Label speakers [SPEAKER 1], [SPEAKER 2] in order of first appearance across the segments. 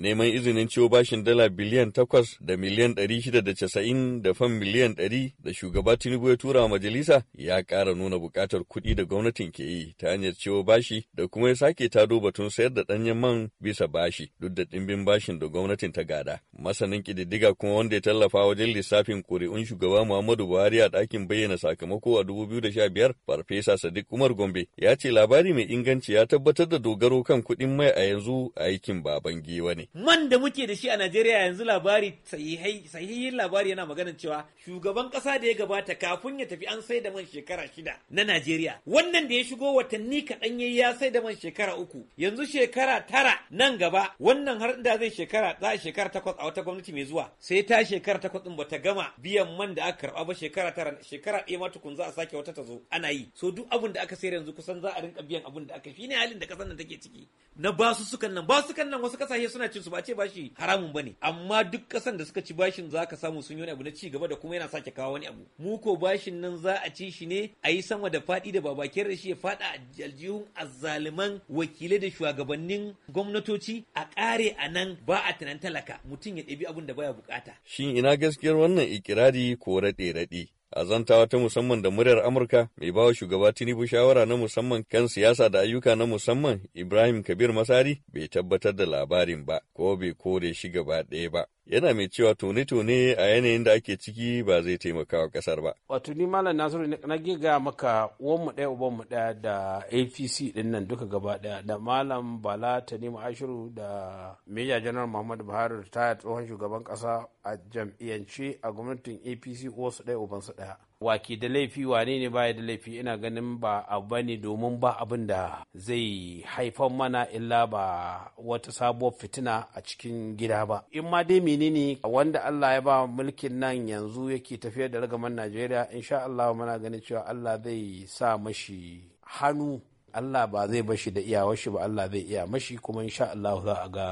[SPEAKER 1] neman izinin ciwo bashin dala biliyan takwas da miliyan ɗari shida da casa'in da fan miliyan ɗari da shugaba Tinubu ya tura majalisa ya ƙara nuna buƙatar kuɗi da gwamnatin ke yi ta hanyar ciwo bashi da kuma ya sake tado batun sayar da ɗanyen man bisa bashi duk da ɗimbin bashin da gwamnatin ta gada. Masanin ƙididdiga kuma wanda ya tallafa wajen lissafin ƙuri'un shugaba Muhammadu Buhari a ɗakin bayyana sakamako a dubu biyu da sha biyar, Farfesa Sadiq Umar Gombe ya ce labari mai inganci ya tabbatar da dogaro kan kuɗin mai a yanzu aikin baban giwa ne.
[SPEAKER 2] man da muke da shi a Najeriya yanzu labari sahihin labari yana magana cewa shugaban kasa da ya gabata kafin ya tafi an sai da man shekara shida na Najeriya wannan da ya shigo watanni kaɗan yayi ya sai da man shekara uku yanzu shekara tara nan gaba wannan har da zai shekara za a shekara takwas a wata gwamnati mai zuwa sai ta shekara takwas din bata gama biyan man da aka karɓa ba shekara tara shekara ɗaya ma tukun za a sake wata ta zo ana yi so duk abin da aka sayar yanzu kusan za a rinka biyan abin da aka ne halin da kasan nan take ciki na basu sukan nan basu sukan nan wasu kasashe suna ci bashin su ba ce bashi haramun bane amma duk kasan da suka ci bashin zaka samu sun yi wani abu na ci gaba da kuma yana sake kawo wani abu mu ko bashin nan za a ci shi ne a yi sama da faɗi da babakin da shi ya faɗa a aljihun azzaliman wakilai da shugabannin gwamnatoci a ƙare a nan ba a tunan talaka mutum ya ɗabi abin da baya bukata.
[SPEAKER 1] Shin ina gaskiyar wannan ikirari ko raɗe-raɗe? a zantawa ta musamman da muryar Amurka mai bawa shugaba Tinubu shawara na musamman kan siyasa da ayyuka na musamman Ibrahim Kabir Masari bai tabbatar da labarin ba ko bai kore shi gaba ɗaya ba. yana mai cewa tuni-tuni a yanayin da ake ciki ba zai taimaka wa kasar ba.
[SPEAKER 3] Wato ni Malam Nasiru na giga maka uwanmu ɗaya ubanmu ɗaya da APC ɗin nan duka gaba ɗaya da Malam Bala Tanimu Ashiru da Meja general Muhammadu Buhari ta tsohon shugaban ƙasa a jam'iyyance a gwamnatin APC wasu ɗaya ubansu ɗaya. wake da laifi wane ne baya da laifi ina ganin ba abu bane domin ba abin da zai haifar mana illa ba wata sabuwar fitina a cikin gida ba in ma dai menene wanda Allah ya ba mulkin nan yanzu yake tafiyar da ragaman Najeriya insha Allah muna ganin cewa Allah zai sa mashi hannu Allah ba zai bashi da iyawar shi ba Allah zai iya mashi kuma insha Allah za a ga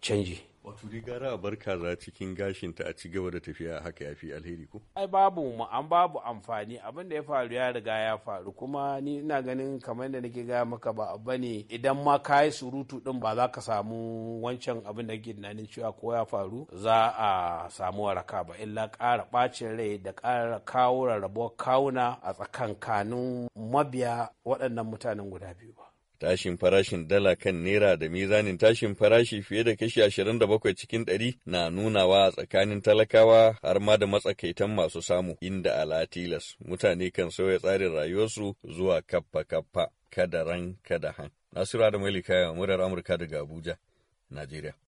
[SPEAKER 3] canji
[SPEAKER 1] Wato dai gara a bar kaza cikin gashinta a ci gaba da tafiya haka ya fi alheri ko?
[SPEAKER 3] Ai babu mu an babu amfani abin da ya faru ya riga ya faru kuma ni ina ganin kamar da nake gaya maka ba bane idan ma ka yi surutu din ba za ka samu wancan abin da ke tunanin cewa ko ya faru za a samu waraka ba illa ƙara ɓacin rai da ƙara kawo rarrabuwar kawuna a tsakankanin mabiya waɗannan mutanen
[SPEAKER 1] guda biyu ba. Tashin farashin dala kan naira da mizanin tashin farashi fiye da kashi 27 cikin 100 na nunawa a tsakanin talakawa har ma da matsakaitan masu samu inda ala tilas mutane kan sauya tsarin rayuwarsu zuwa kappa-kappa kadaran ran han. Nasiru Adamu ilikaya murar Amurka daga Abuja, Najeriya.